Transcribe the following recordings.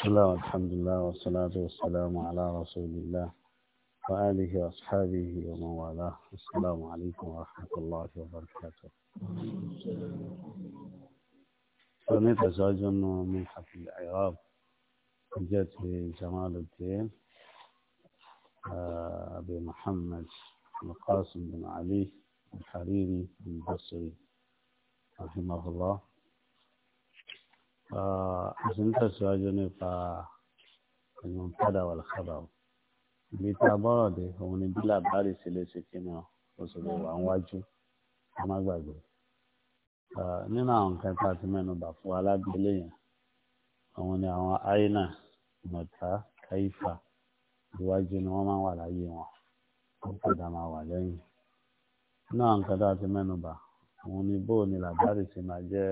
بسم الله والحمد لله والصلاة والسلام على رسول الله وآله وأصحابه ومن والاه السلام عليكم ورحمة الله وبركاته سميت أزواج منحة العراق جت جمال الدين آه، أبي محمد القاسم بن علي الحريري البصري رحمه الله àṣìǹtà síwájú nípa ìmọ̀padà wà lákàbà o ibi tá a bọ́rọ̀ dé òun ni bí làbárì sí lè ṣe kíni o ó sì lè wà níwájú ká má gbàgbé nínú àwọn nǹkan tá a ti mẹ́nu bà fún alábílẹ̀ yẹn àwọn ni àwọn àyínà mọ̀tá káyífà iwájú ni wọ́n máa ń wà láyé wọn wọ́n kò dá máa wà lẹ́yìn nínú àwọn nǹkan tá a ti mẹ́nu bà òun ni bóò ni làbárì sí máa jẹ́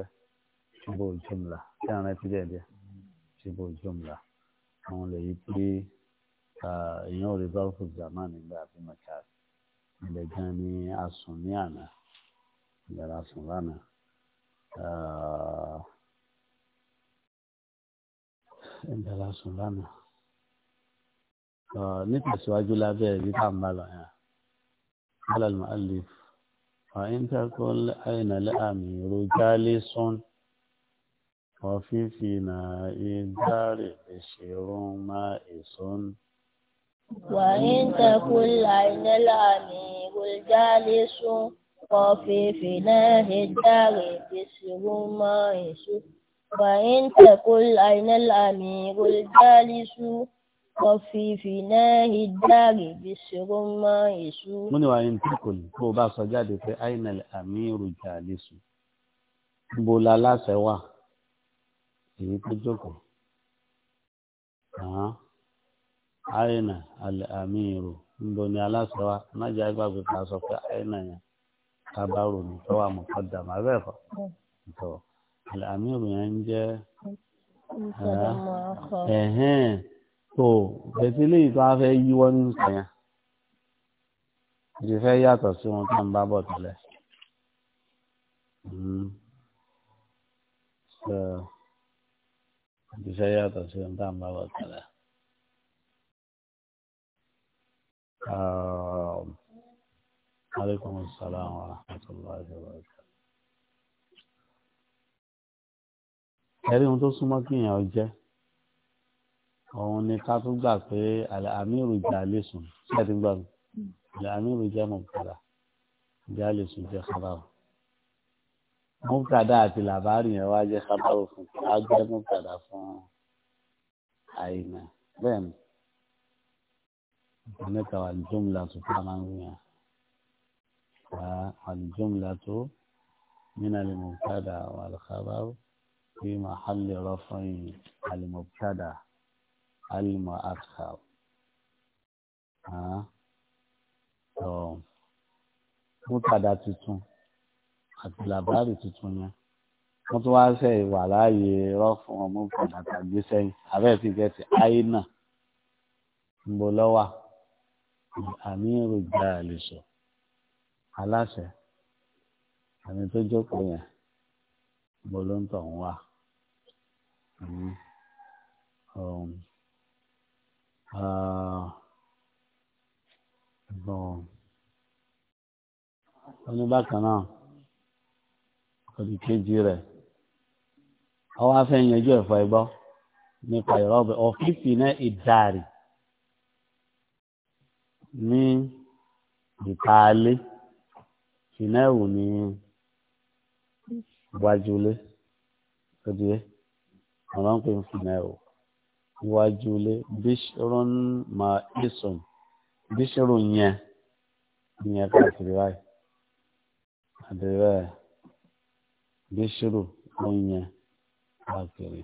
ṣubú jùmùlà tí àwọn ẹtí díẹ̀ díẹ̀ ṣubú jùmùlà àwọn lè yí pé èèyàn rí báwùkù jàmá nígbà bí mo kà ilẹ̀ gan ni a sùn ní àná ilẹ̀ la sùn lánàá. ilẹ̀ la sùn lánàá. nítẹ̀síwájú lábẹ́ ẹ̀rí tá à ń bá lọ المؤلف فإن تقل أين الأمير جالس وفيفنا إدار بشير ما إسن وإن تكن عين الأمير الجالس وفيفنا إدار بشير ما إسن وإن تكن عين الأمير الجالس وفيفنا إدار بشير ما إسن من وإن تكن هو بقى صجاد في عين الأمير الجالس بولا لا سوا èyí tó jókòó àá àyìnà àlẹ àmì ìrò ńbọ ni aláṣẹ wa nájà gbàgbé ká sọ pé àyìnà yẹn kábàárò ní tọwọ àmọkọ dàmà bẹ́ẹ̀ kọ́ tọ àlẹ àmì ìrò yẹn ń jẹ ẹhẹn tó bẹsí léyìí tó a fẹ́ yíwọ ní sẹyìn ìdí fẹ́ yàtọ̀ sí wọn tó ń bá bọ̀ tẹ́lẹ̀. Yeah. Hmm àbíṣẹ́ yàtọ̀ sí ohun tá à ń bá wọ̀ kalẹ̀. عليكم السلام ورحمة الله وبركاته ẹ̀rí ohun tó súnmọ́ kí èèyàn jẹ́ òun ni ká tún gbà pé àmírù jẹ́ àlésùn ṣé ẹ ti gbà mí àmírù jẹ́ mọ̀kàdà jẹ́ àlésùn múkàdá àti làbárì yẹn wá jẹ́ sábàbò fún a jẹ́ múkàdá fún àyìnà bẹ́ẹ̀ ni ìpínlẹ̀ta wà jùmùlà tó fún àwọn èèyàn wà jùmùlà tó nínú àlùmọ̀kàdá wà lùkàbáwò fi màhálì rọ́fọ̀yìn àlùmọ̀kàdá àlùmọ̀ àkàwò. Múkàdá tuntun àti làbárì tuntun yẹn wọ́n tún wáá ṣe ìwà láàyè rọ́ọ̀fù ọmọ ìbàdàn tàgbé sẹ́yìn abẹ́ẹ̀ ti gẹ̀ẹ́sì àyínà ń bo lọ́wà àmì èròjà àlùsọ aláṣẹ àmì tó jókòó yẹn mo ló ń tọ̀ ń wà oní um, ah, bákan náà olùkejì rẹ̀ ọwọ́ afẹ́ yanjú ẹ̀fọ́ ẹgbọ́ nípa ìrọ́bẹ̀ ọ̀fíìsì náà ìdàrí ní ìtàlẹ́ ìnáwó ní wájúlé ọdíyẹ àwọn ń pè ń fìnà ẹ̀wọ̀ wájúlé bíṣọ́rún ma ìsùn bíṣọ́rún yẹn ìyẹn káàkiri báyìí àdìrẹ́ ẹ̀. bíṣírù oúnjẹ káàkiri.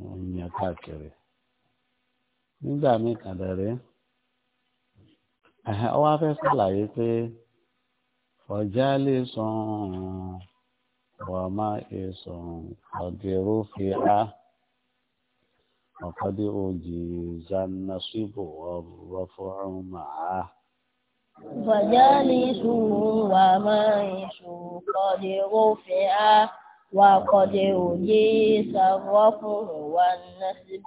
oúnjẹ káàkiri. nígbà míì kàdàrí ọ fẹ́ sàlàyé pé ọ̀jálè sùn wà má èsùn ọ̀dẹ̀rú fi á ọ̀kadì òjì zanasibu ọ̀rọ̀ fún ọ̀rùn فجالسوه ومعيشه قد رفع وقد أجي صرفه والنسب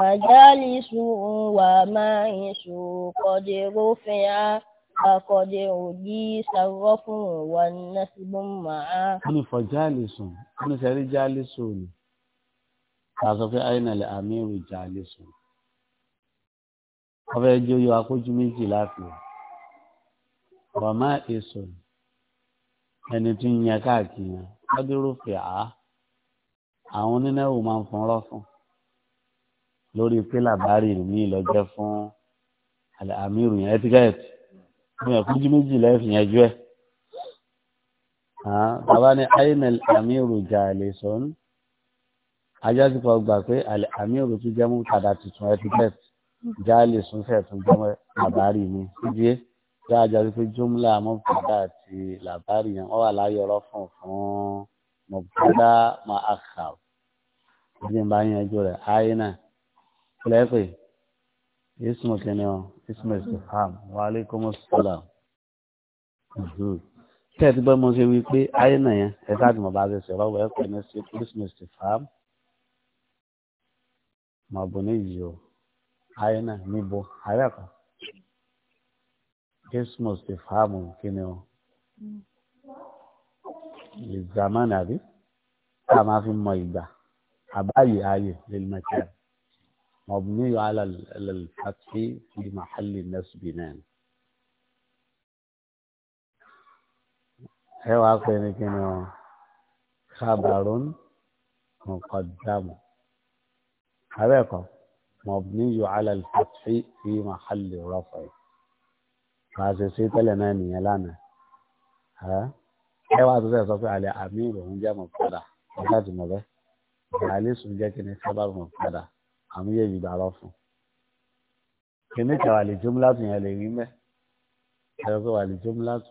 فجالسوه ومعيشه قد رفع وقد أجي صرفه والنسب معه. أنا فجالس أنا سأري جالسون. أعتقد أين الأمير جالسون ọbẹ̀ ẹjọ́ yọ akójú méjì láti ọ̀má èso ẹni tí ń yan káàkiri lọ́dúnrúfẹ́ à àwọn onínẹ́wò máa ń fọ́nrọ́ fún lórí pé làbárì mi lọ́jẹ́ fún àmírù yẹn ẹ́tíkẹ́ẹ̀tì mi ò kújú méjì lẹ́fìn yẹn jú ẹ̀ bàbá ni ainel àmírù jà lè sọ́n ajá ti kọ́ gbà pé àmírù tún jẹ́ mú padà tuntun ẹ́tíkẹ́ẹ̀tì jáàlì súnfẹ̀ tó jọmọ́ làbárì ni síbi dáadáa wípé jumla mọ̀bùdá àti làbárì yẹn wọ́n wà láyé ọ̀rọ̀ fún fún mọ̀bùdá máa àkà ìdí ń bá yanjú rẹ̀ ayé náà kílẹ̀ pé ismu kìíní ọ ismu istifham wa alaikum assalam tẹ́ ẹ ti gbọ́ mo ṣe wí pé ayé náà yẹn ẹ káàdì mọ̀ bá ṣe sọ̀rọ̀ wẹ́ẹ́ pẹ̀lú ismu istifham mọ̀bùnú yìí o aina níbo àrẹ́kọ̀ ismus ti fáàmù kíni o ìgbàmọ́ nàbí tá a máa fi mọ ìgbà àbáyé ayé lil makan مبني على الفتح في محل نصب نان هي واقع كنو خبر مقدم هذا مبني على الفتح في محل رفع فاسسي تلنا نيلانا ها ايوا تزي سو على امير هون جاء مبتدا وقت مبه علي سو جاء كني خبر مبتدا ام يي بعرف كني توالي جملة يعني ريمه هذا على الجملة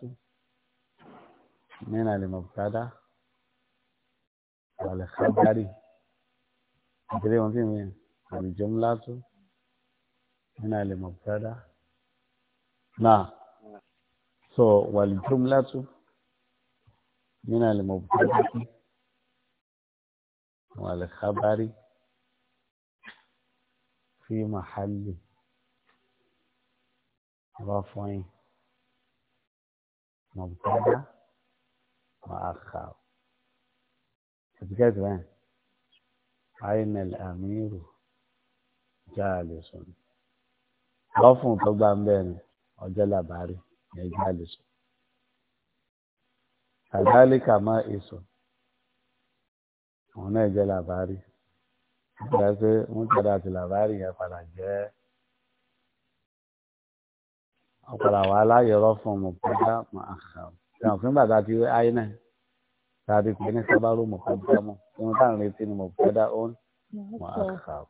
من المبتدا كده تدري وين الجملة هنا لمبتدا نعم so والجملة هنا لمبتدا والخبر في محل رفع مبتدا مؤخر تذكرت عين الأمير jálùsùn lọ́fùn tó gbà ń bẹ̀ ni ọjọ́ làbárí ní jálùsùn. kàdálíkà má èso òun náà jẹ́ làbárí nígbà pé wọ́n tẹ̀lé àti làbárí yẹn padà jẹ́ ọ̀pọ̀lọ̀ àwọn aláyọ̀rọ̀ fún ọmọ pátá máa kà ó. ìyàn fún bàtà ti wé ayé náà tàbí pé ní sábàrú mọ̀kọ́dá mọ̀ ohun táwọn retí ni mọ̀kọ́dá ó máa kà ó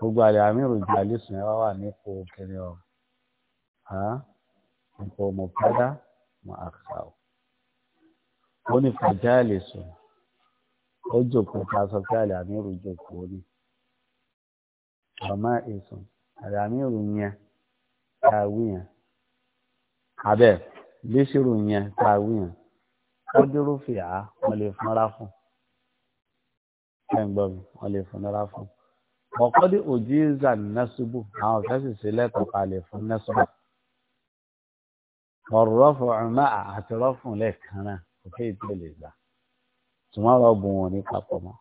gbogbo àlẹ́ amírù ìjàlè sùn ẹ wá wà nípò kiri ọ nípò mo padà mo àkà ọ ó ní fàjà àlè sùn ó jókòó ká sọ pé àlẹ́ amírù jókòó ni ọmọ ìsùn àlẹ́ amírù yẹn tá a wí yẹn abẹ bíṣirù yẹn tá wí yẹn ó dúró fìyà wọn lè fúnra fún ẹ ń gbọ́ mi wọn lè fúnra fún ọ̀kọ́dé òjìza nẹ́sùbù àwọn ọ̀fẹ́ sì sí lẹ́tọ̀ọ́ kalẹ̀ fún nẹ́sùbù ọ̀rọ̀fọ̀ ọ̀nà àti rọ́fùn lẹ́ẹ̀kan náà kò fẹ́ ìtò lè gbà tùmọ̀ lọ bù wọn ní papọ̀ mọ́.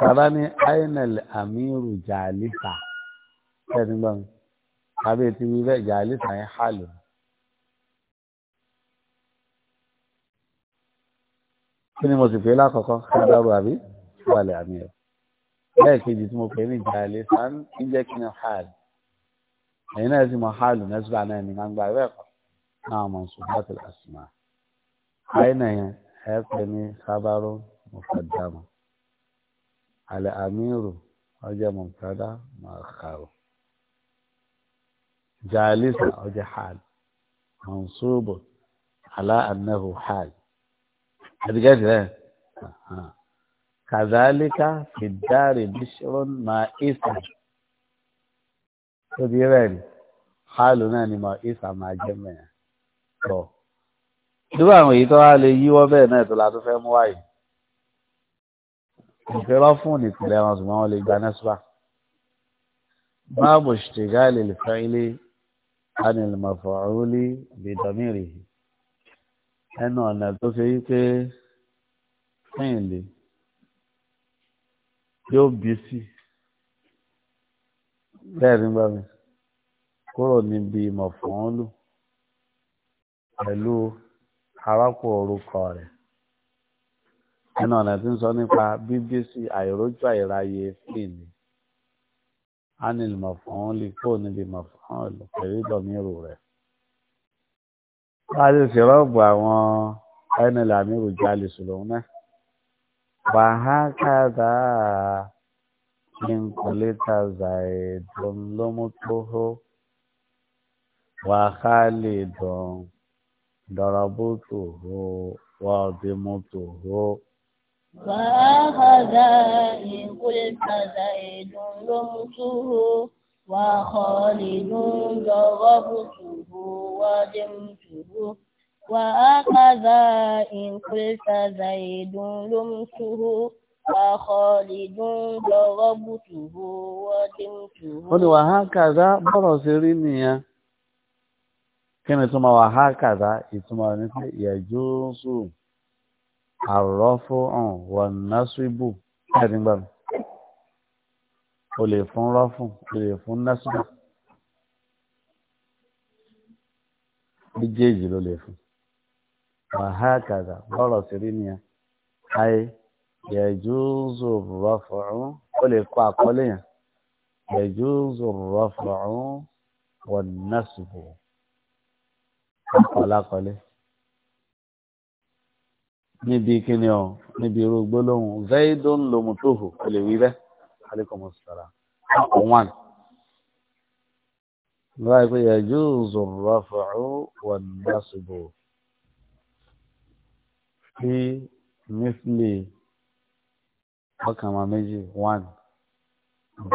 Bàbá ní Ainel Amiru Jàlífà ẹni gbọ́n tàbí ti wí bẹ́ẹ̀ Jàlífà yẹn hàlù. Kí ni mo sì pè lákọ̀ọ́kọ́? Kí ni dábò àbí? Wàlẹ̀ àmì ẹ̀ bẹ́ẹ̀ kejì tí mo pè ní ìjà ilé sàn ń jẹ́ kí ni hàl ẹ̀yin náà sì mọ hàlù nẹ́sùlá náà ní gbangba ẹ̀rọ ẹ̀kọ́ náà mọ̀ sùgbọ́tì àsùnmá àyínà yẹn ẹ̀ pè ní sábàrò mọ̀fàdàmọ̀ àlẹ́ àmírù ọjọ́ mọ̀fàdà mọ̀ọ́kàrò ìjà ilé sàn ọjọ́ hàl mọ̀nsúbù àlá ànáhù hàl ẹ̀dígẹ́dì rẹ̀ hàn kàdálíkà fìdárì bíṣọ́n máa ìsà tó di rẹ̀ ni hálù náà ni máa ìsà máa jẹ́ mẹ́rin tọ́ irú àwọn èyí tó wá lè yíwọ́ bẹ́ẹ̀ náà tó la tó fẹ́ mú wáyé ìfẹ́ bá fún ìpìlẹ̀ wọn ṣùgbọ́n wọn lè gba nẹ́sùpà máa bò ṣìṣẹ́gá lè lè fẹ́ ilé anìlmọ̀fọ̀ọ́rọ́lì bìdọ́mìrì ẹnu ọ̀nà tó ṣe wípé fún ìlú yóò bí sí bẹ́ẹ̀ nígbà mi kúrò níbi mọ̀fọ́nlù pẹ̀lú arákùnrin orúkọ rẹ̀ ẹnu ọ̀nà tí ń sọ nípa bíbí sí àìrójú àìráyè fíìnì anil mọ̀fọ́nlù kúrò níbi mọ̀fọ́nlù pẹ̀lú ìdọ̀míru rẹ̀ wọ́n ṣèrọ́gbọ̀ àwọn ẹnìlàmírù jálè sùlọ́ún وهكذا إن قلت زيد لمته وخالد ضربته وعظمته وهكذا إن قلت زيد لمته وخالد ضربته وعظمته وهكذا إن قلت زيد لمته وخالد ضربته ودمته wọ́n ní وهكذا bọ́rọ̀ sí rí nìyẹn kí ni ìtumọ̀ وهكذا ìtumọ̀ ní pé يجوز الرفع والنصب ẹ̀rín gbàgbọ́ o lè fún rọ́fù o lè fún násùbù méjèèjì ló lè fún. وهكذا بọ́rọ̀ sí rí nìyẹn ayé yẹjúzù rọ́fọ̀ọ́n ó lè kọ́ àkọlé yẹn yẹjúzù rọ́fọ̀ọ́n wọ́n násùbù ọ̀làkọlé níbi kíni ọ níbi irú gbólóhùn zaidun lomutohu ó lè wí bẹ́ẹ̀ alikomo sara one. Báyìí pé yẹjúzù rọ́fọ̀ọ́n wọ́n násùbù pé mísìlì ọkàn máa méjì one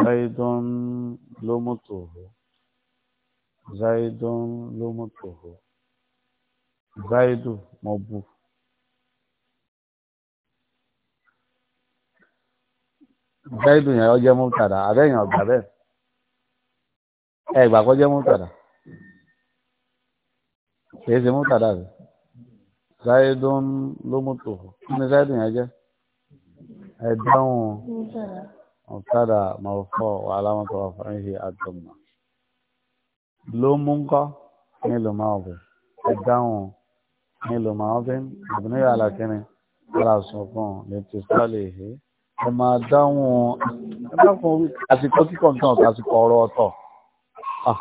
zaidon ló mú tòhó zaidon ló mú tòhó zaidu mo bu. zaidu yẹn ọjọ́ mú tàdá àbẹ́yìn ọ̀gbà bẹ́ẹ̀ ẹ̀ gbà kọjá mú tàdá kìí ṣe mú tàdá rẹ̀ záyédún ló mọ́tò kí ni záyédún yẹn jẹ́ ẹ̀dáhùn ọ̀kadà mọ̀fọ́ wà lámọ́tò ọ̀fọ̀rìnhì àdùnmọ̀ ló mú ńkọ́ ní ìlú máa bẹ̀ ẹ̀dáhùn ní ìlú máa bẹ̀ ìbùnú yà lákínní aláṣọkàn ní ti sálẹ̀ èhé ẹ máa dáhùn ẹ máa fún orí àsìkò kíkọ̀ nǹkan ọ̀tọ̀ àsìkò ọ̀rọ̀ ọ̀tọ̀ ah,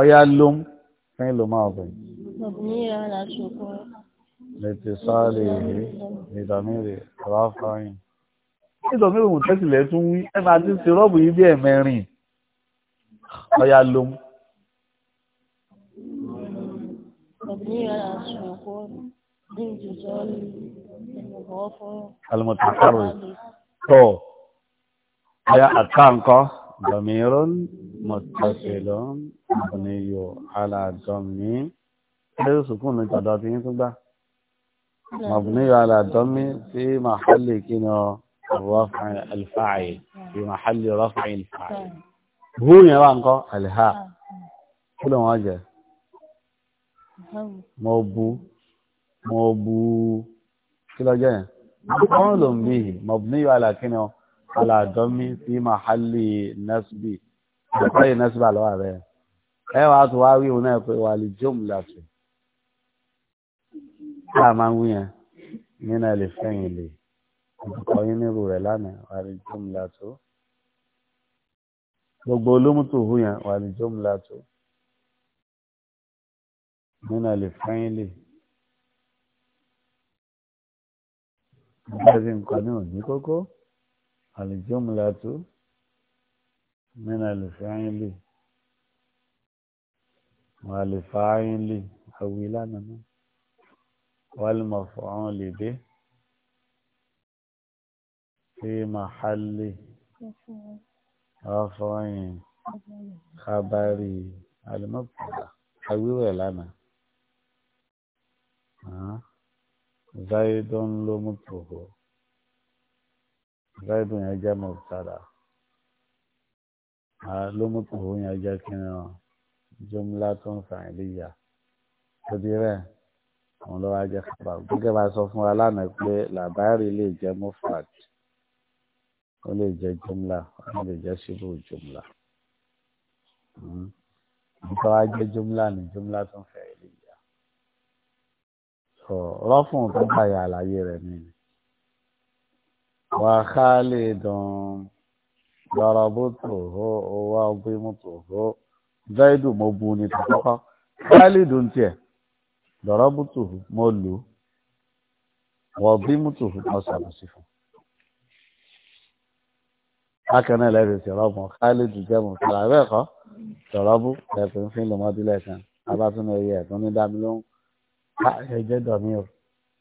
ọ̀yá ló ń ní مبنية على سكون لاتصاله بضمير رافع ضمير متصل ẹ tún wí ẹ máa ti ṣe rọ́ọ̀bù yìí bí ẹ̀mẹrin ọ̀yà ló mú. مبنية على سكون بانتصال المضاف المتحرك تو ọ̀yà àtàǹkọ́ ضمير متصل مبني على ضمير ẹrù sùkún ní tọ̀dọ̀ tí yín tún gbá mabniyo ala dhammi fi mahalli kíni ọ rafi alfa'il fi mahalli rafi alfa'il hu yẹn wà ńkọ́ alha hmm, hmm. kí ló wọn jẹ mo bu mo bu kí ló jẹ yẹn wọn lò ń bí mabniyo ala kíni ọ ala dhammi fi mahalli nasbi àtàyè nasbi àlọ́ àbẹ ẹ wàá tó wá wíwò náà pé wàá lè jóòmù láti tá ah, a máa ń wí yẹn nínú ẹ lè fẹ̀yìn lè ìdúkọ yín nírú rẹ̀ lánàá wà ní jọmùlá tó gbogbo olómùtò hu yẹn wà ní jọmùlá tó nínú ẹ lè fẹ̀yìn lè ìgbàsí nǹkan ní òní kókó wà ní jọmùlá tó nínú ẹ lè lè wà lè fà lè àwí náà. والمفعول به في محل رفع خبر المبتدا حويوه لنا زيد لمته زيد يجا مبتدا لمته يجا كنا جملة فعلية كبيرة àwọn ló wá jẹ́ khabar gẹ́gẹ́ bá a sọ fún wa lánàá pé làbárì lè jẹ́ mufrad ó lè jẹ́ jumla ó lè jẹ́ síbù jumla hmm. nípa wá jẹ́ jumla ní jumla tó ń fẹ́ ilé ìyá rọ́fùn tó bá yà àlàyé rẹ̀ nìyí wà khalidan dọ̀rọ̀bùtò hó owó ọgbẹ́mùtò hó zaidu mo bu ni tó kọ́kọ́ khalidu tiẹ̀ dọ̀rọ́bùtù mo lù ú wọ́n bí mùtù mo ṣàbùsí fún. bákan náà lẹ́yìn tí ọ̀rọ̀ mọ̀ káàlìdù jẹ́ mọ̀ tààrà bẹ́ẹ̀ kọ́ dọ̀rọ́bù lẹ́pẹ̀ ń fi lọ́mọdúnlẹ̀ kan abátúnú ẹyẹ ẹ̀tún ní dámi ló ń ká ẹjẹ́ dọ̀mí o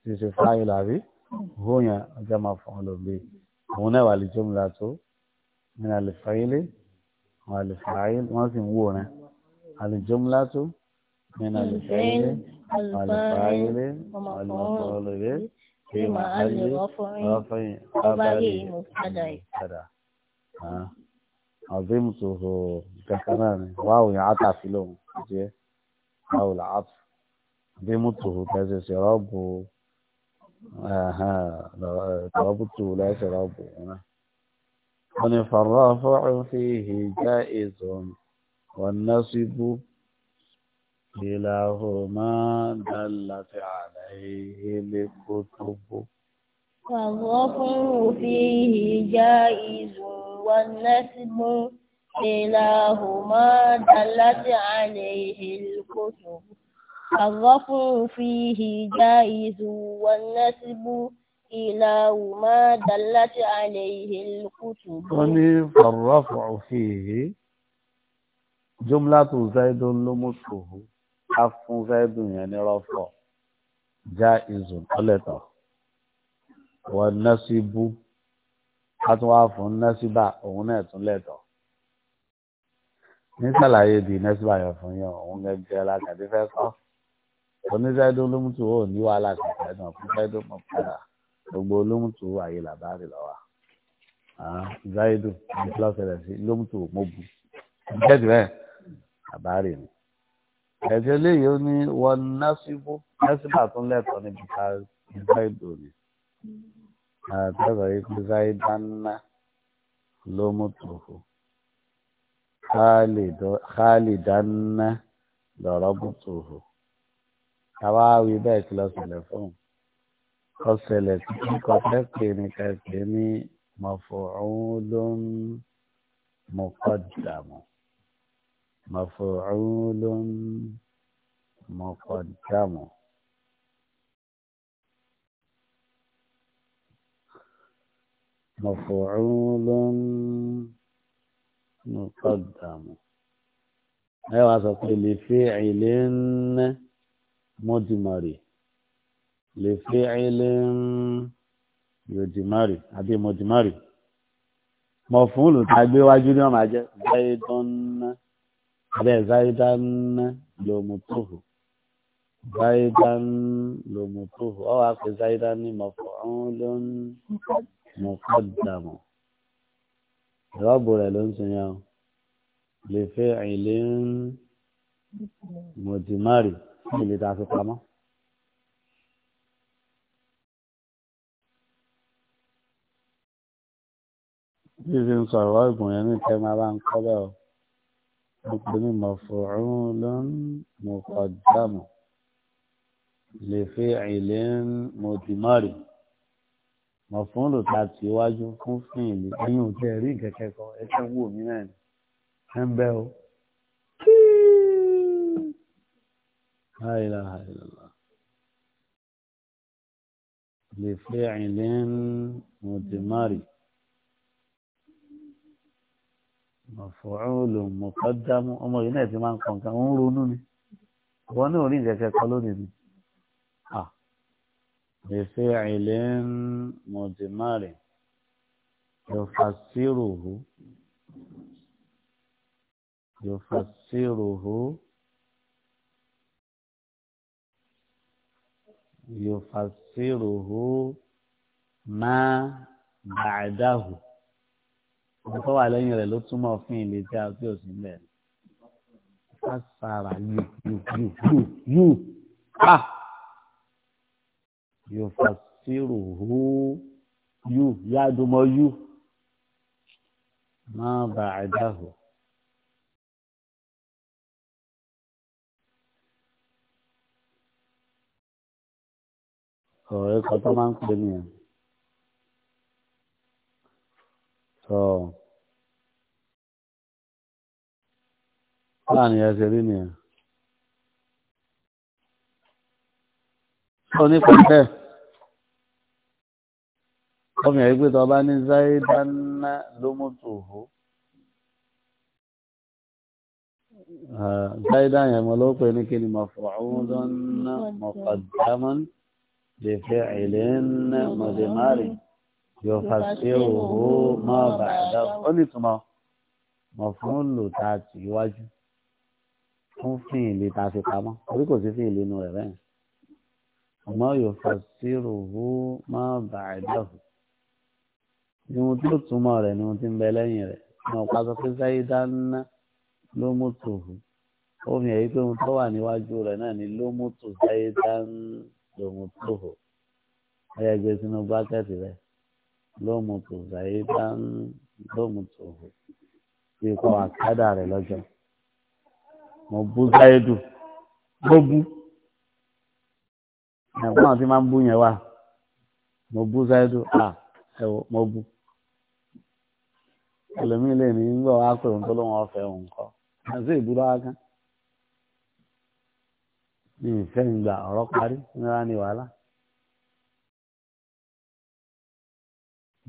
ti ṣe fáyìl àbí hóyàn ọjọ́ máa fọ́n lòbí òun náà wà lè jẹ́ mi látó mi náà lè fáyìlì wọ́n wọ́n sì ń wò rẹ̀ àlè jẹ́ mi látó mi náà lè fáyìlì. الفاعل والمفعول به في محل رفع خبر مبتدع عظمته كمان واو يعطف له واو العطف عظمته كذا شرابه اها ترابطه لا شرابه هنا فالرافع فيه جائز والنصب كلاهما دلت عليه الكتب فالرفع فيه جائز والنسب كلاهما دلت عليه الكتب الرفع فيه جائز والنسب كلاهما دلت عليه الكتب قل فالرفع فيه جملة زيد لمسه ká fún zaidu yẹn ní rọ́fọ̀ já ìzùn tọ́lẹ̀tọ̀ wọ́n násìbú ká tún wá fún násìbà òun náà tún lẹ̀tọ̀ nísàlàyé di násìbà yẹn fún yẹn òun gẹ́gẹ́ lákàtí fẹ́ kọ́ onízaidu olómùtù ò ní wàhálà kẹkẹ náà fún zaidu mọ̀ padà gbogbo olómùtù ayé làbárè lọ́wọ́ zaidu ní kílọ̀sẹ̀lẹ̀ sí olómùtù mọ̀bù bẹ́ẹ̀ bẹ́ẹ̀ làbárè ni ẹ̀jẹ̀ léyìí ó ní wọn násìbò násìbà tún lẹ́tọ̀ọ́ níbi ká zaido ni àtẹ́sọ̀ yìí pé zaidanna ló mú tòfò khalidanna lọ́rọ́ mú tòfò àwa wí bẹ́ẹ̀ kí lọ ṣẹlẹ̀ fún ọ ṣẹlẹ̀ tí kíkọ fẹ́ pè ní kẹsì ní mọ̀fọ́ ọ̀hún ló ń mọ̀kọ́ dàmú. مفعول مقدم مفعول مقدم ايوه تقول لفعل مدمر لفعل يدمر ابي مدمر مفعول تعبير wájú يوم ó bẹ́ẹ̀ zaidan lomutohu zaidan lomutohu ọ wá pé zaidan ní maf'ulun muqaddamu ìrọ́bù rẹ̀ ló ń sìn yẹn o lè fẹ́ àìlè ń mọ̀tìmárì fún ìlú tá a fi pamọ́. bí ṣe ń sọ̀rọ̀ ọ̀gbìn yẹn ní tẹ́ máa bá ń kọ́ bẹ́ẹ̀ o. يكون مفعولا مقدم لفعل مضمر مفعول تاتي واجو fún fìlì ẹ̀yin ò tẹ rí kẹkẹ kan ẹsẹ wò mí náà ni ẹ ń لا إله إلا الله لفعل مضمر mọ̀fọ́ọ́lù mọ̀kọ́dámú ọmọ yìí náà ti máa ń kàn kan ń ronú ni wọn náà rí nǹkan kẹkọọ lónìí ni èsì àìlè ń mọ̀dìmárì yòfàṣírùhù yòfàṣírùhù yòfàṣírùhù má bàdáhù òun tó wà lẹ́yìn rẹ̀ ló túmọ̀ fún ilé tí a tí ò sí mẹ́ ká sara yù yù yù yù yù ká yóò fà sírò hó yù yádùmọ̀ yù máa bà á dáhùn. ọ̀rẹ́ kan tó máa ń pè nìyẹn. tó láàrin ẹsẹ̀ rí nìyẹn. ó ní pẹ̀lẹ́ ọmọ yẹn pé tọba ní záídánná ló mú tòhó záídán yẹn mo ló ní kí ni mọ̀fọ̀ọ́dọ́nà mọ̀fọ̀dámọ́n lè fẹ́ ìlẹ́nà mọ̀dẹ̀márì yóò fà sí òwò mọ́ bàdá ó ní ìtumọ̀ mọ̀ fún lò tá a tì iwájú fún fíìn lè ta fi pamọ́ orí kò sí fíìn lè nu rẹ̀ bẹ́ẹ̀ ọmọ yóò fà sí òwò mọ́ bàdá ni mo tó túmọ̀ rẹ̀ ni mo ti ń bẹ lẹ́yìn rẹ̀ ní ọ̀pá sọ pé sáyidá ńná ló mú tòhù ó fi hàn yí pé ohun tó wà níwájú rẹ̀ náà ni ló mú tò sáyidá ńná ló mú tòhù ẹ̀yà gbé sínú bákẹ́tì rẹ̀. lómùtò zàyídá ń lómùtò hù bí ikọ̀ àkádà rẹ̀ lọ́jọ́ mo bú záyédù mo bú ẹ̀gbọ́n àti máa ń bú yẹn wá mo bú záyédù à ẹ̀wọ̀ mo bú ẹlòmíín lè ní òun tó lóun ọ̀fẹ́ òun kọ́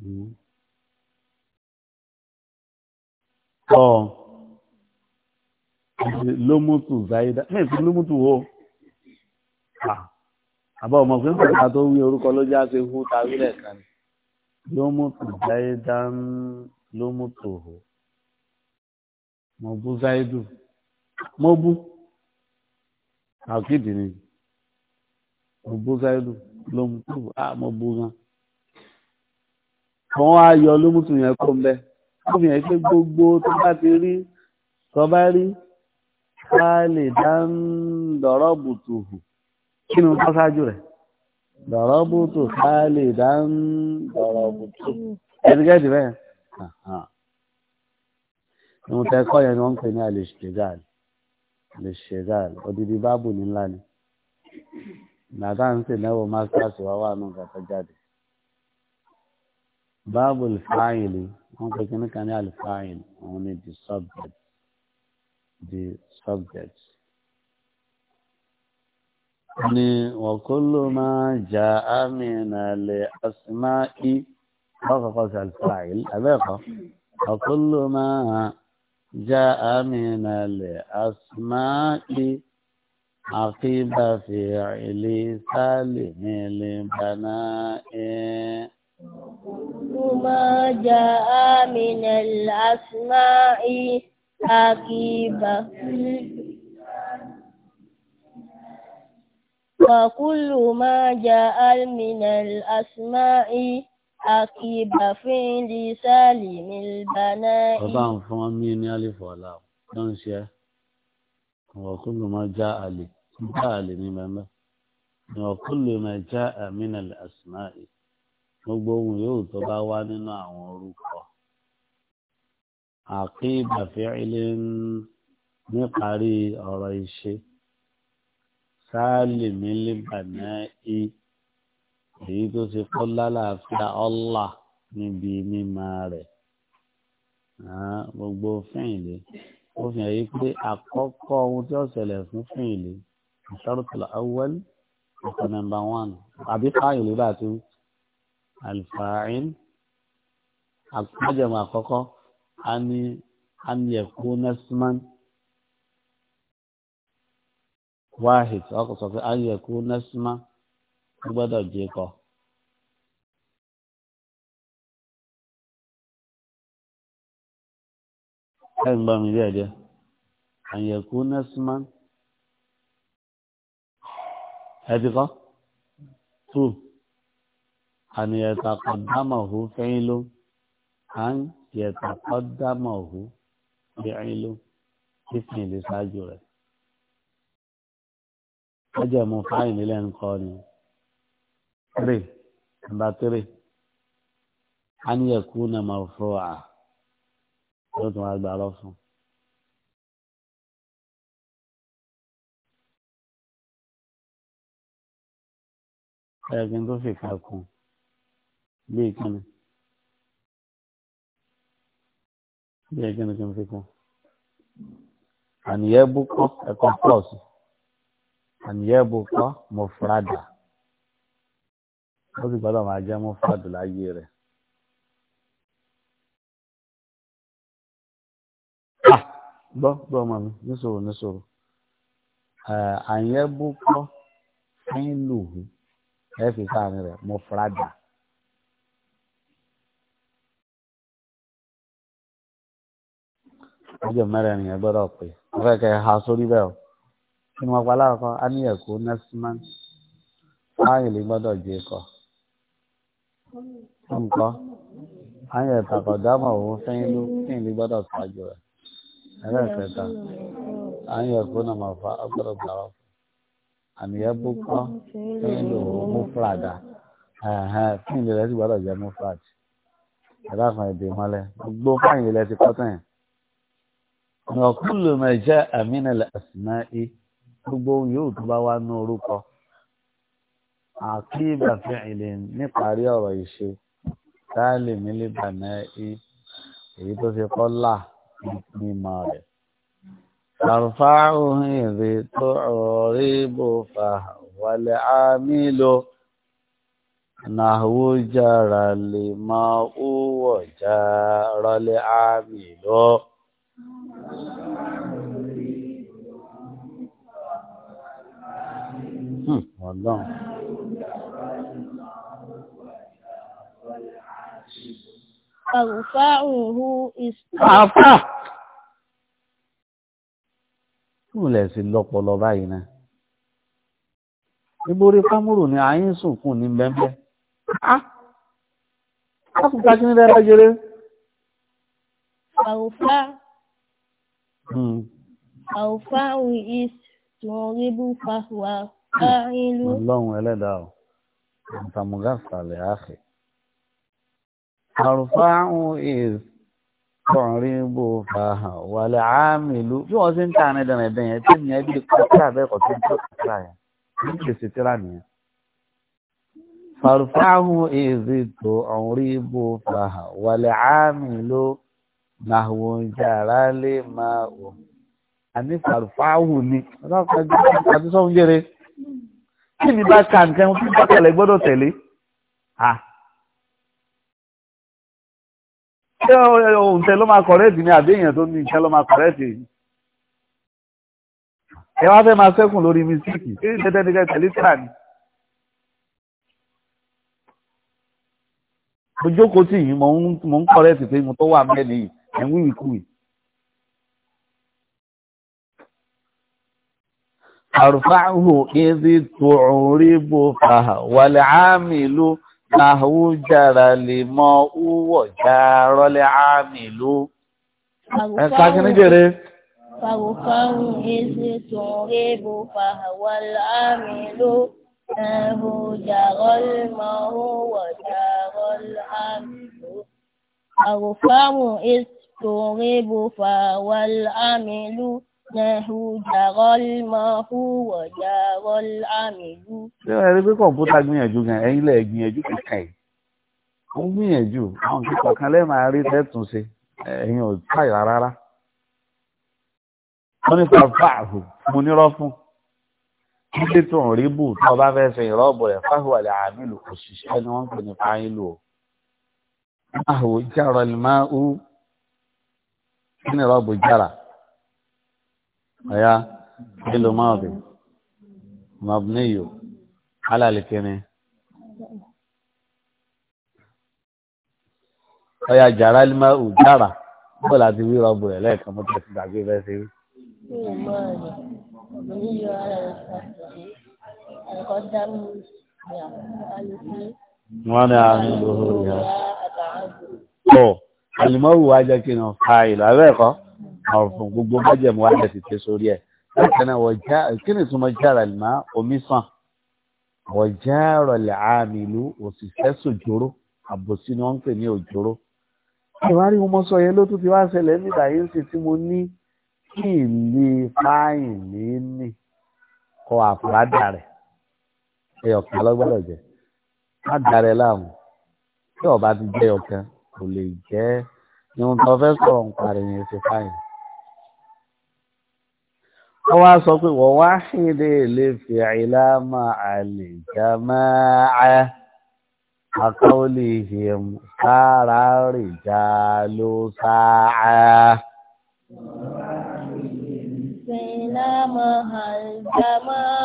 Mm-hmm. ọ lómùtù zaida mẹ́fì lómùtù wo àbá ọmọ pé nígbà tó wí orúkọ ló já sí fún tawílẹ̀ kan lómùtù zaida ń lómùtù hù mo bú zaidu mo bú àkídì ni mo bú zaidu lómùtù ah mo bú gan wọ́n wá yọ lómùtù yẹn kó ń bẹ́ wọ́n fi hàn pé gbogbo tó bá ti rí tó bá rí ká lè dá ń dọ̀rọ̀ bùtù hù kí ni wọ́n ṣáájú rẹ̀ dọ̀rọ̀ bùtù ká lè dá ń dọ̀rọ̀ bùtù ẹ̀dígẹ́dì bẹ́ẹ̀ ìwọ̀n tẹ́ kọ́ yẹn ni wọ́n ń pè ní àlèṣègáàl àlèṣègáàl odidi báàbù ní ńlá ni nàdá ń sè náwó masters wá wà nù gàtọ́ jáde. باب الفاعل ممكن كنا كان الفاعل هون دي subject دي subject وكل ما جاء من الأسماء فقط الفاعل أبقى وكل ما جاء من الأسماء عقب فعل سالم البناء ما جاء من الأسماء عقيبة وكل ما جاء من الأسماء عقيبة فعل سالم البناء طبعا فمين ألف ولا تنسى وكل ما جاء لي جاء لي وكل ما جاء من الأسماء gbogbo ohun yòówù tó bá wá nínú àwọn orúkọ àkíbà fíìlì níparí ọ̀rọ̀ ìṣe sáàlì mílíbà náà í èyí tó ṣe kó lálàáfíà ọlà níbi mímá rẹ̀ gbogbo fíìlì ó fi hàn yí pé àkọ́kọ́ ohun tí ó ṣẹlẹ̀ fún fíìlì ìṣòro tó lọ awọ́lì ọ̀pọ̀ nàmbà wán àbí fáìlì bá ti wù. alfa'il àpọ̀jọ̀mọ̀ a ní anyẹ̀kú nẹ́sìmán wahid ọkọ̀ sọ pé anyẹ̀kú nẹ́sìmán ó أن يتقدمه فعل أن يتقدمه فعل اسم لساجر أجا مفعل لأن قاني ري باتري أن يكون مرفوعا صوت مع البعرفة لكن تو في كاكو ليه bí ẹgbẹ́ ní kí n fi kún àníyẹ́bù kọ́ ẹ̀kọ́ plus àníyẹ́bù kọ́ mọ̀fúrádà ó sì gbọ́dọ̀ máa jẹ́ mọ̀fúrádà láyé rẹ̀. Ah! gbọ́ gbọ́ ọmọ mi níṣòro níṣòro àníyẹ́bù kọ́ fún ìlú ẹ̀ fi sáà rẹ̀ mọ̀fúrádà. ọjọ́ mẹ́rin ni ẹ gbọ́dọ̀ pé wọ́n ha sórí bẹ́ẹ̀ o kí ni wọ́n pa aláàkọ́ á ní lè gbọ́dọ̀ kọ́ nǹkan fáyìn ẹ̀tàkọ̀dámọ̀ òun fẹ́yìn ló fẹ́yìn gbọ́dọ̀ tọ́jú rẹ̀ náà máa fa ọgbọ́dọ̀ gbà wọ́n àmì lò ó mú fúlàdà lè sì gbọ́dọ̀ ọ̀kúlù mẹ́jẹ́ àmínà àsìná i gbogbo yóò tó bá wá ní orúkọ àti ìbàfẹ́ ìlẹ̀ níparí ọ̀rọ̀ ìṣe táàlì mílíbà náà i èyí tó fi kọ́ là mímọ́ rẹ̀. ترفعه إذ تعرب فالعامل نحو جرى لما هو جرى العامل Àrùfáàrùhù ìsìnkú. Kúrò lẹ̀ sí lọ́pọlọ báyìí náà. Ibori fámúrù ni àyín sùnkún ní bẹ́ẹ̀bẹ́. Áfíríkà kí ní dára jẹrẹ? Àrùfá. Àrùfáàrù ìsìnkú rí bú fáwà ọlọ́run ẹlẹ́dàá ọ̀ àtàmúgàsàlẹ̀ àfẹ́. àrùfáàhùn is kọ̀ọ̀rìnbó fàáhàn wàlẹ̀ àmìlú bí wọ́n ṣe ń ta àrẹ́dẹ̀ rẹ̀ bẹ́yẹn tí ìyẹn bí kọ́tà bẹ́ẹ̀kọ́ tó ń tó kàkàrà yẹn ní kèsì tíra nìyẹn. فارفعه إذ تعرب فها والعامل نحو جرى لما أم أني فارفعه ني هذا قد سوف جري kí ni bá ka nǹkan fún bákàlẹ̀ gbọ́dọ̀ tẹ̀lé à. ṣé òǹtẹ̀ ló máa kọ̀rẹ́ẹ̀tì ni àbí èèyàn tó ní nǹkan ló máa kọ̀rẹ́ẹ̀tì yìí. ẹ wá fẹ́ máa sẹ́kùn lórí mísíkì kí ni tẹ́tẹ́ nìkan tẹ̀lé tíra ni. mo jókòó tì yín mo ń kọ̀rẹ́ẹ̀tì pé mo tó wà mẹ́rin yìí ẹ̀ ń wíwì kúwì. أرفعه إذ تعرب فها والعامل نحو جرى لما هو جار العامل أرفعه إذ تعرب فها والعامل نحو جرى لما هو جار العامل أرفعه إذ تعرب فها والعامل إنه جرى الماء وجرى العمد ṣé ẹ rí pé kọ̀ǹpútà gbìyànjú gan ẹ̀yin lẹ̀ gbìyànjú kankan yìí ó ń gbìyànjú àwọn nǹkan kan lẹ́ẹ̀ máa rí tẹ́tùn ṣe ẹ̀yin ò táyà rárá wọ́n ní fàfáàhù mo nírọ́ fún títí tó ń rí bù tó bá fẹ́ ṣe ìrọ́bù rẹ̀ fáwọlẹ̀ àmìlù òṣìṣẹ́ ni wọ́n ń pè ní أيا فعل ماضي مبني على الكلمة أيا جرى الماء جرى ولا تبي رب لك ما تستعجي بس مبني على القدم وانا عامله يا أتعب الماء واجا كنا فاعل هذا ọ̀fun gbogbo májẹ̀mú wa lẹ̀ sì ké sórí ẹ̀ bákan náà wọ̀já kí ni ìtumọ̀ jára lìmọ́ omi sàn wọ̀já rọ̀lẹ̀ àmì ìlú òṣìṣẹ́ sòjóró àbòsí ni wọ́n ń pè ní òjóró. ìwárí mo sọ yẹn ló tún ti wá ṣẹlẹ̀ nígbà yìí ń sì tí mo ní kí ìlú fáyìn ní kọ àfúrádà rẹ̀ ẹyọ̀kan lọ́gbọ́dọ̀ jẹ́ má darẹ̀ láàmú tí ọba ti jẹ́ ẹyọ̀kan kò lè jẹ́ ni mo tọ́ fẹ́ sọ̀rọ̀ ń parí ní ṣe fáyìn wọ́n wá sọ pé wọ́n wá ṣíde lè fi àìlámà àlìjámáà àkọọ́lìhìm sára rìjà ló sáà. Ìlàmà àlìjámáà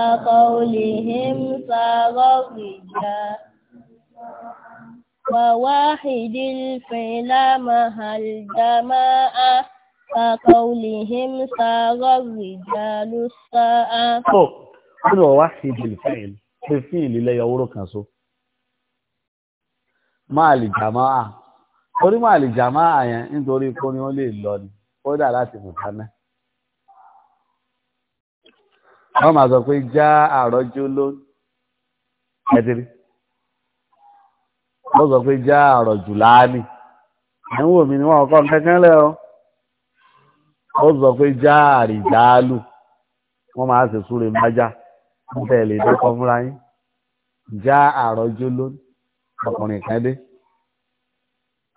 àkọọ́lìhìm sára rìjà. Wàwáhìdì fìlàmà àlìjámáà. كقولهم سار الرجال الساعة كل واحد الفعل الفعل لا يورك نسو ما للجماعة torí máa lè jàmáà yẹn nítorí kó ni wọ́n lè lọ ni kódà láti mùtánà wọ́n máa sọ pé já àrọ́jú ló ẹ̀dírí wọ́n sọ pé já àrọ̀jù láàánì ẹ̀ ń wò mí ni wọ́n kọ́ kẹ́kẹ́ lẹ́ o ó sọ pé jáàrì jáàlù wọ́n máa ṣe súre májá níbẹ̀ lè dákọ̀ fúnra yín já àrọ́jú ló ọkùnrin kan dé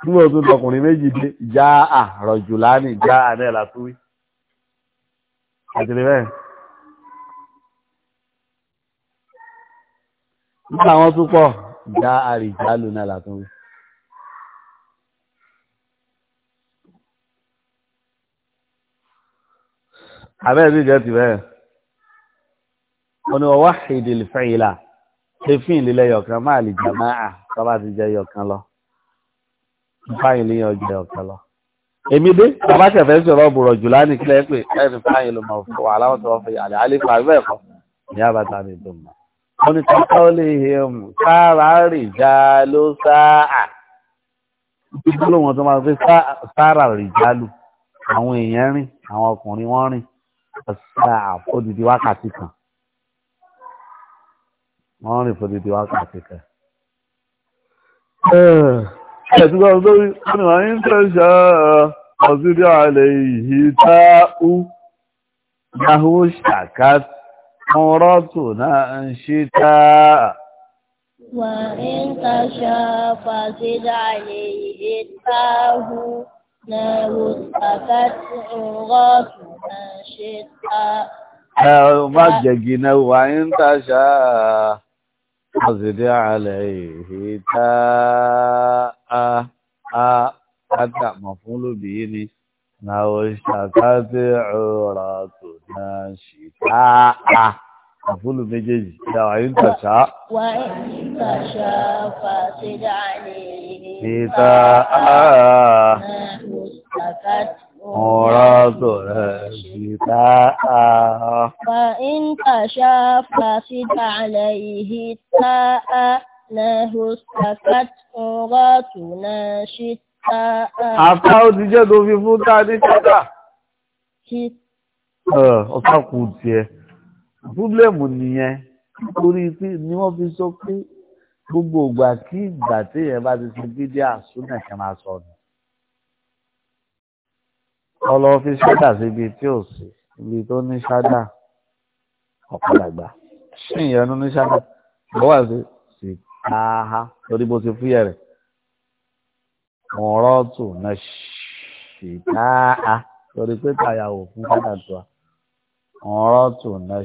nígbà tó tọkùnrin méjì dé já àrọ́jú lánìí já àdẹ́ làtúwí àtìlẹ́ bẹ́ẹ̀. nígbà wọn tún pọ̀ já àrìjálù náà làtúwí. abẹ́rẹ́ bí gẹ̀ẹ́tì bẹ́ẹ̀ wọn ni wọ́n wá ìdìlì fẹ́yìlá fífín ìlú lẹ́yọ̀kan máa lè jà máa tó bá ti jẹ yọ̀kan lọ fáyìn lèyàn jẹ ọ̀kan lọ. èmi dé bàbá tẹ̀fẹ́ sọ̀rọ̀ bùrọ̀ jù lánìí kílẹ̀ pé ẹni fáyìn ló máa fọ wàhálà wọn tó wọ́n fi àlè àlè fà bẹ́ẹ̀ kọ́ ìyá mi dùn mọ́. wọn ni lè hẹ́mù sára rì já ló sáà. ìdílé wọn tó máa fi sára rì já lù àwọn èèyàn rìn àwọn ọkùnrin wọn rìn sáà fódìdí wákàtí kan wọ́n rìn fódìdí wákàtí kan. ẹ̀ẹ́dùgbọ́n lórí ní wọ́n ń tẹ̀sán ọ̀sídìí àlẹ́ yìí tá ú náhú ṣàkátì. عورتنا انشتاء وإن تشافى زد عليه التاهو نار أتت عراة من شتها ما جينا وإن تشاء أزد عليه تاء أتى مفعول به ni نار أتت عراة من شتاء àfúlù méjèèjì ṣe àwọn yìí ń tàṣà. wà á ń tàṣà fàṣẹ dáa ní. ìta àà. يخشى فسد عليه التاء له استكت عوراتنا شتاء Àfá ó ti jẹ́ tó fi fún táa ní ṣẹ́dá. Ọ̀tá kù tiẹ̀. Búblẹ̀mù nìyẹn torí pé ni wọ́n fi sọ pé gbogbo ìgbà kí ìgbà téèyàn bá ti ṣe bídí àsúnà kan máa sọ ni. Ọlọ́ fi ṣẹ́dá síbi tí ò sí, ibi tó ní ṣẹ́dá ọ̀pọ̀lọgbà ṣì ń yẹnu ní sábà bọ́ wà sí sí káhá lórí bó ti fúyẹ̀ rẹ̀ ọ̀rọ̀ tù náà ṣì káhá lórí pé tàyà ò fún fúnà tó a ọ̀rọ̀ tù náà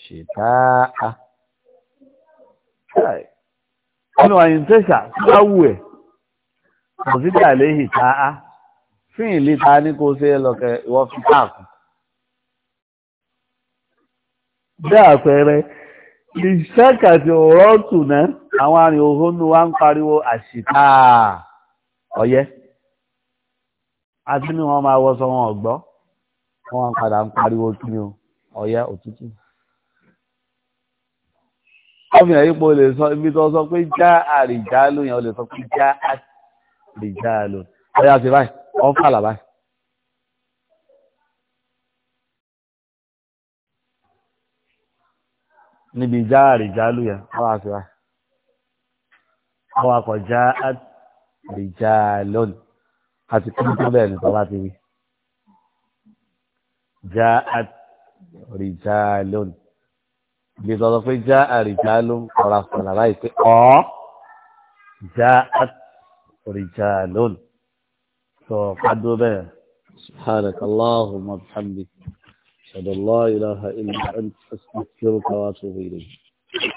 ṣì káhá. Ọ̀nà àyìntẹ́sà bá wù ẹ̀ kò sí tàlẹ́ ìkáhá fíìn lè ta ní kó ṣe é lọ́kẹ́ ìwọ́ fi káàkùn. bí àpẹẹrẹ iṣẹ́ kàti ọ̀rọ̀ tùnà àwọn arìn òhónú wa ń pariwo àṣìká ọ̀yẹ́ àti ní wọ́n máa wọ́sọ wọn ọ̀gbọ́ wọ́n padà ń pariwo kí ni ọ̀yẹ́ òtútù ọmọ ẹ̀yìn pé o lè sọ ibi tó sọ pé já àrìjálù yẹn o lè sọ pé já àrìjálù ọ̀yẹ́ àti báyìí ọ̀fàlà báyìí. níbi já àrìjálù yẹn ọwọ́ àfihàn ọwọ́ akọ̀ já àrìjálọ́nù àti kúrúkú bẹ́ẹ̀ ní tọ́lá ti wí já àrìjálọ́nù bí sọ́dọ̀ pé já àrìjálọ́nù ọ̀rọ̀ àfọ̀nà láì pé ọ́ já àrìjálọ́nù sọ fàdó bẹ́ẹ̀ subhanakallahumma bihamdik. أشهد الله إله إلا أنت أستغفرك وأتوب إليك